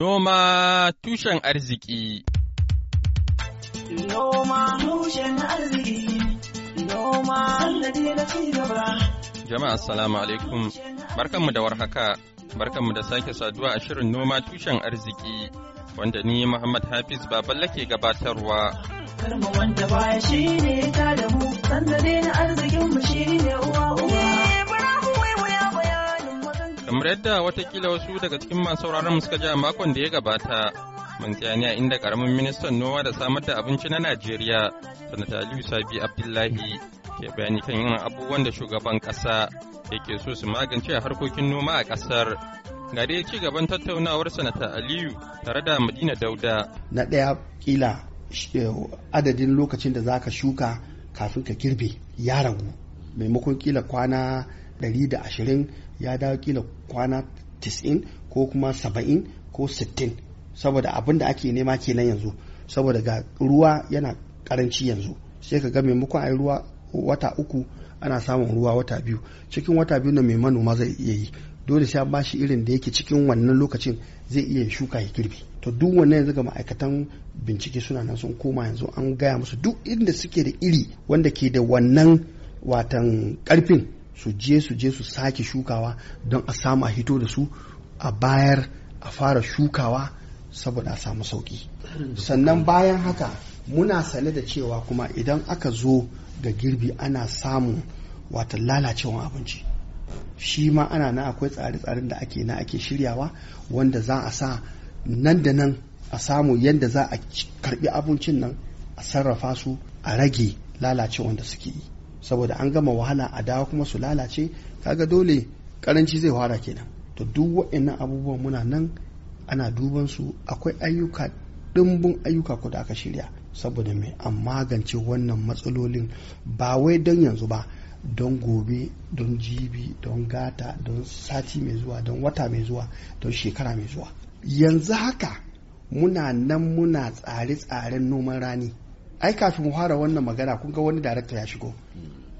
Noma tushen arziki Noma tushen arziki Noma na ci gaba Jama'a assalamu alaikum barkanmu da warhaka barkanmu da sake saduwa a shirin noma tushen arziki wanda ni Muhammad Hafiz Baballe ke gabatarwa Karma wanda baya shine ta da mu sanda na arzikin mu shine uwa uwa kamar yadda watakila wasu daga cikin masu sauraron suka ji makon da ya gabata mun tsaya ne a inda karamin ministan noma da samar da abinci na najeriya sanata aliyu sabi abdullahi ke bayani kan yin abubuwan da shugaban kasa yake so su magance a harkokin noma a kasar ga dai ci gaban tattaunawar sanata aliyu tare da madina dauda na ɗaya kila eh, adadin lokacin da zaka shuka kafin ka girbe ya ragu maimakon kila kwana 120 ya dawo kila kwana 90 ko kuma 70 ko 60 saboda abin da ake nema kenan yanzu saboda ga ruwa yana karanci yanzu sai ka ga maimakon a ruwa wata uku ana samun ruwa wata biyu cikin wata biyu na mai manoma zai iya yi dole sai ba shi irin da yake cikin wannan lokacin zai iya shuka ya girbi to duk wannan yanzu ga ma'aikatan bincike suna nan sun koma yanzu an gaya musu duk inda suke da iri wanda ke da wannan watan karfin su je su je su sake shukawa don a samu a hito da su a bayar a fara shukawa saboda a samu sauki sannan bayan haka muna sane da cewa kuma idan aka zo ga girbi ana samu wata lalacewan abinci shi ma ana na akwai tsare-tsaren da ake na ake shiryawa wanda za a sa nan da nan a samu yadda za a karbi abincin nan a sarrafa su a rage lalacewan da suke yi saboda an gama wahala a dawa kuma su lalace kaga dole karanci zai fara kenan to duk waɗannan abubuwan muna nan ana duban su akwai ayyuka dimbin ayyuka ko da aka shirya saboda mai an magance wannan matsalolin ba wai don yanzu ba don gobe don jibi don gata don sati mai zuwa don wata mai zuwa don shekara mai zuwa yanzu haka muna nan muna tsare-tsaren noman rani ai kafin mu fara wannan magana kun ga wani darakta ya shigo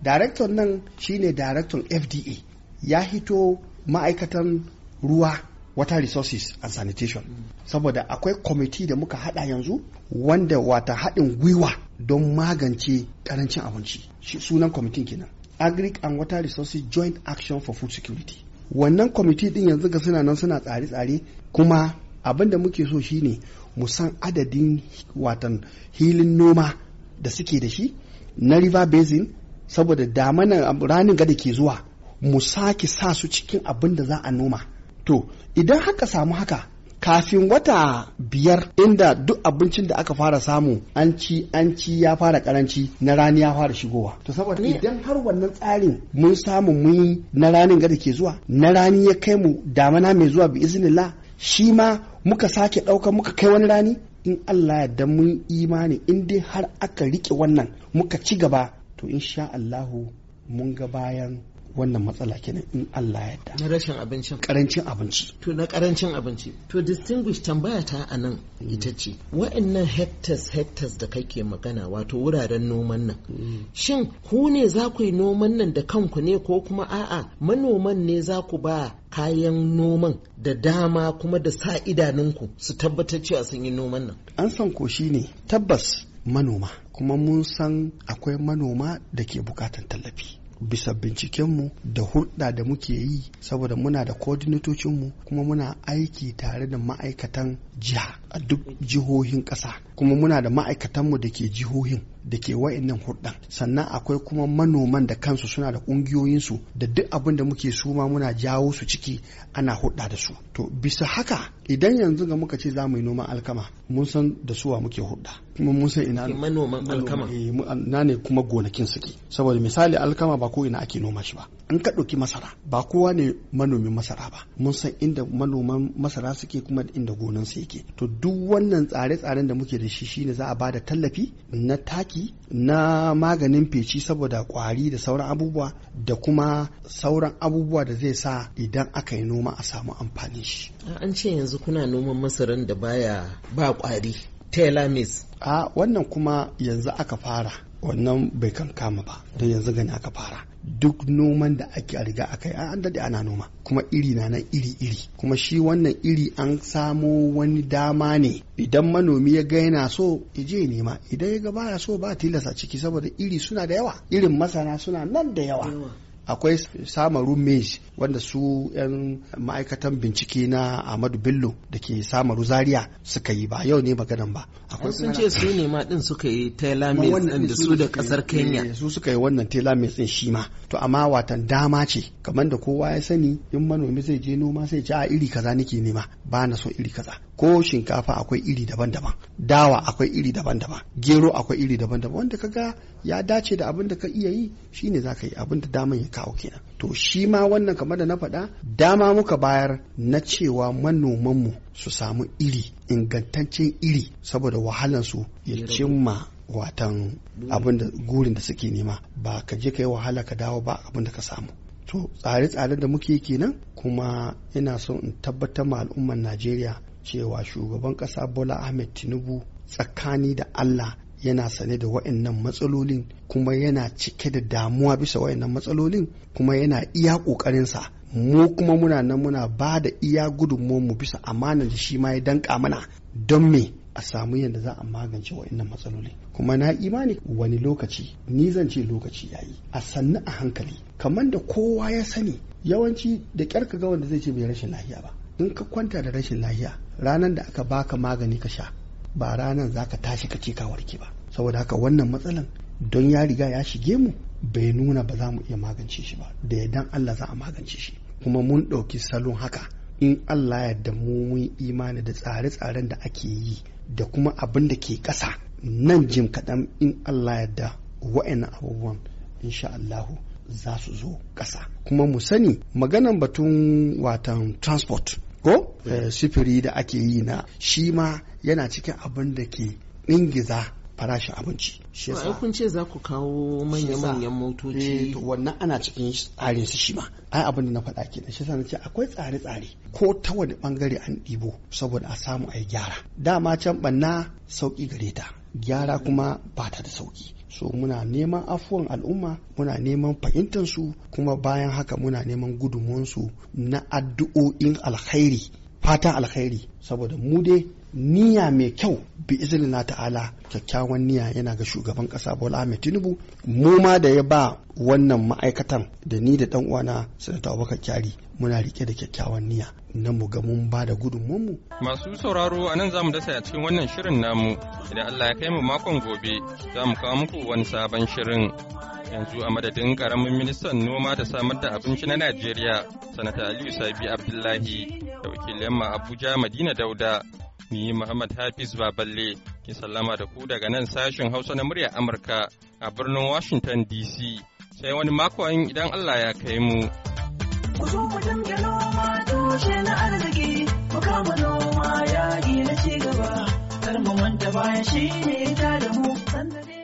daraktan nan shine daraktan fda ya hito ma'aikatan ruwa water resources and sanitation saboda akwai kwamiti da muka hada yanzu wanda wata haɗin gwiwa don magance karancin abinci sunan kwamitin kenan agric and water resources joint action for food security wannan kwamiti din yanzu ga suna nan suna tsare-tsare kuma abin da muke so shine mu san adadin watan hilin noma da suke da shi na river basin saboda damanar ranin gada ke zuwa mu sake sa su cikin abin da za a noma to idan haka samu haka kafin wata biyar inda duk abincin da aka fara samu an ci an ci ya fara karanci na rani ya fara shigowa to saboda idan har wannan tsarin mun samu mun na ranin gada ke zuwa na rani ya kai mu damana mai zuwa bi iznillah shi ma muka sake ɗauka muka kai wani rani in Allah ya mun imani in dai har aka riƙe wannan muka ci gaba to insha Allahu mun ga bayan wannan matsala kenan in Allah ya yarda na rashin abincin karancin abinci to na karancin abinci to distinguish tambaya ta anan ita ce wa'annan hectares hectares da kake magana wato wuraren noman nan shin ku ne za ku yi noman nan da kanku ne ko kuma a'a manoman ne za ku ba kayan noman da dama kuma da sa idanunku su tabbatar cewa sun yi noman nan an san ko shine tabbas manoma kuma mun san akwai manoma da ke bukatan tallafi bisa bincikenmu da hulɗa da muke yi saboda muna da kodinatocinmu kuma muna aiki tare da ma'aikatan jiha a duk jihohin ƙasa kuma muna da ma'aikatanmu da ke jihohin da ke wa'annan hurɗan sannan akwai kuma manoman da kansu suna da ƙungiyoyinsu da duk abin da muke suma muna jawo su ciki ana hurɗa da su to bisa haka idan yanzu ga muka ce za mu yi noman alkama mun san da suwa muke hurɗa kuma mun san ina manoman alkama eh, na ne kuma gonakin suke saboda misali alkama ba ko ina ake noma shi ba in ka ɗauki masara ba kowa ne manomin masara ba mun san inda manoman masara suke kuma inda gonansu yake to duk wannan tsare-tsaren da muke da shi shine za a bada tallafi na taki aiki na maganin feci saboda kwari da sauran abubuwa da kuma sauran abubuwa da zai sa idan aka yi noma a samu amfani shi an ce yanzu kuna noman masaran da baya ba kwari telamis a wannan kuma yanzu aka fara wannan bai kan kama ba don yanzu gani aka fara duk noman da ake riga aka yi an daɗe ana noma kuma iri na nan iri-iri kuma shi wannan iri an samo wani dama ne idan manomi ya ga yana so ya nema idan ya ga baya so ba tilasa ciki saboda iri suna da yawa irin masana suna nan da yawa akwai samarun maize wanda su 'yan ma'aikatan bincike na Ahmadu Bello da ke samaru Zaria suka yi ba yau ne maganan ba. Akwai sun ce su ne ma din suka yi telomeres din da su da kasar Kenya. Eh, su suka yi wannan telomeres din shi ma. To amma watan dama ce kamar da kowa ya sani in manomi zai je noma sai ce a iri kaza nake nema ba na so iri kaza. Ko shinkafa akwai iri daban-daban, dawa akwai iri daban-daban, gero akwai iri daban-daban wanda kaga ya dace da abin da ka iya yi shine za ka yi abin da daman ya kawo kenan. to shi ma wannan kamar da na faɗa dama muka bayar na cewa manomanmu su samu iri ingantaccen iri saboda wahalansu ya cimma watan abin da gurin da suke nema ba ka je ka yi wahala ka dawo ba abin da ka samu to tsare-tsare da muke kenan kuma ina so in tabbatar ma al'umman najeriya cewa shugaban ƙasa bola ahmed tinubu tsakani da allah yana sane da wa'annan matsalolin kuma yana cike da damuwa bisa wa'annan matsalolin kuma yana iya ƙoƙarinsa mu kuma muna nan muna ba da iya mu bisa amana da shi ma ya danka mana don me a samu yadda za a magance wa'annan matsaloli kuma na imani wani lokaci ni zan ce lokaci yayi a sannu a hankali kamar da kowa ya sani yawanci da kyar ka ga wanda zai ce bai rashin lahiya ba in ka kwanta da rashin lahiya ranar da aka baka magani ka sha ba ranar za ka tashi ka ce ka warke ba saboda haka wannan matsalan don ya riga ya shige mu bai nuna ba za mu iya magance shi ba da yardan Allah za a magance shi kuma mun ɗauki salon haka in Allah ya yadda mu mun imani da tsare-tsaren da ake yi da kuma abin da ke ƙasa nan jim kaɗan in Allah ya yadda wa'annan abubuwan insha Allahu za su zo ƙasa kuma mu sani maganan batun watan transport ko eh, sifiri da ake yi na shi ma yana cikin abin da ke ɗingiza farashin abinci shi yasa kun ce za ku kawo manya-manyan motoci eh, wannan ana cikin tsarin su shi ma ai abin da na faɗa da shi yasa na ce akwai tsare-tsare ko ta wani bangare an ɗibo saboda a samu a yi gyara dama can banna sauƙi gare ta gyara kuma ba ta da sauƙi so muna neman afuwan al'umma muna neman fahimtansu kuma bayan haka muna neman gudunmuwansu na addu'o'in alkhairi fatan alkhairi saboda mu dai niyya mai kyau bi na ta'ala kyakkyawan niyya yana ga shugaban kasa Bola Ahmed Tinubu mu ma da ya ba wannan ma'aikatan da ni da dan uwana Sanata Abubakar Kyari muna rike da kyakkyawan niyya na mu ga mun ba da mu. Masu sauraro a nan zamu dasa a cikin wannan shirin namu idan Allah ya kai mu makon gobe za mu kawo muku wani sabon shirin. Yanzu a madadin karamin ministan noma da samar da abinci na Najeriya, Sanata Aliyu Sabi Abdullahi da wakilin Abuja Madina Dauda ni Muhammad Hafiz Baballe ke sallama da ku daga nan sashin Hausa na muryar Amurka a birnin Washington DC. Sai wani makon idan Allah ya kai mu. mu.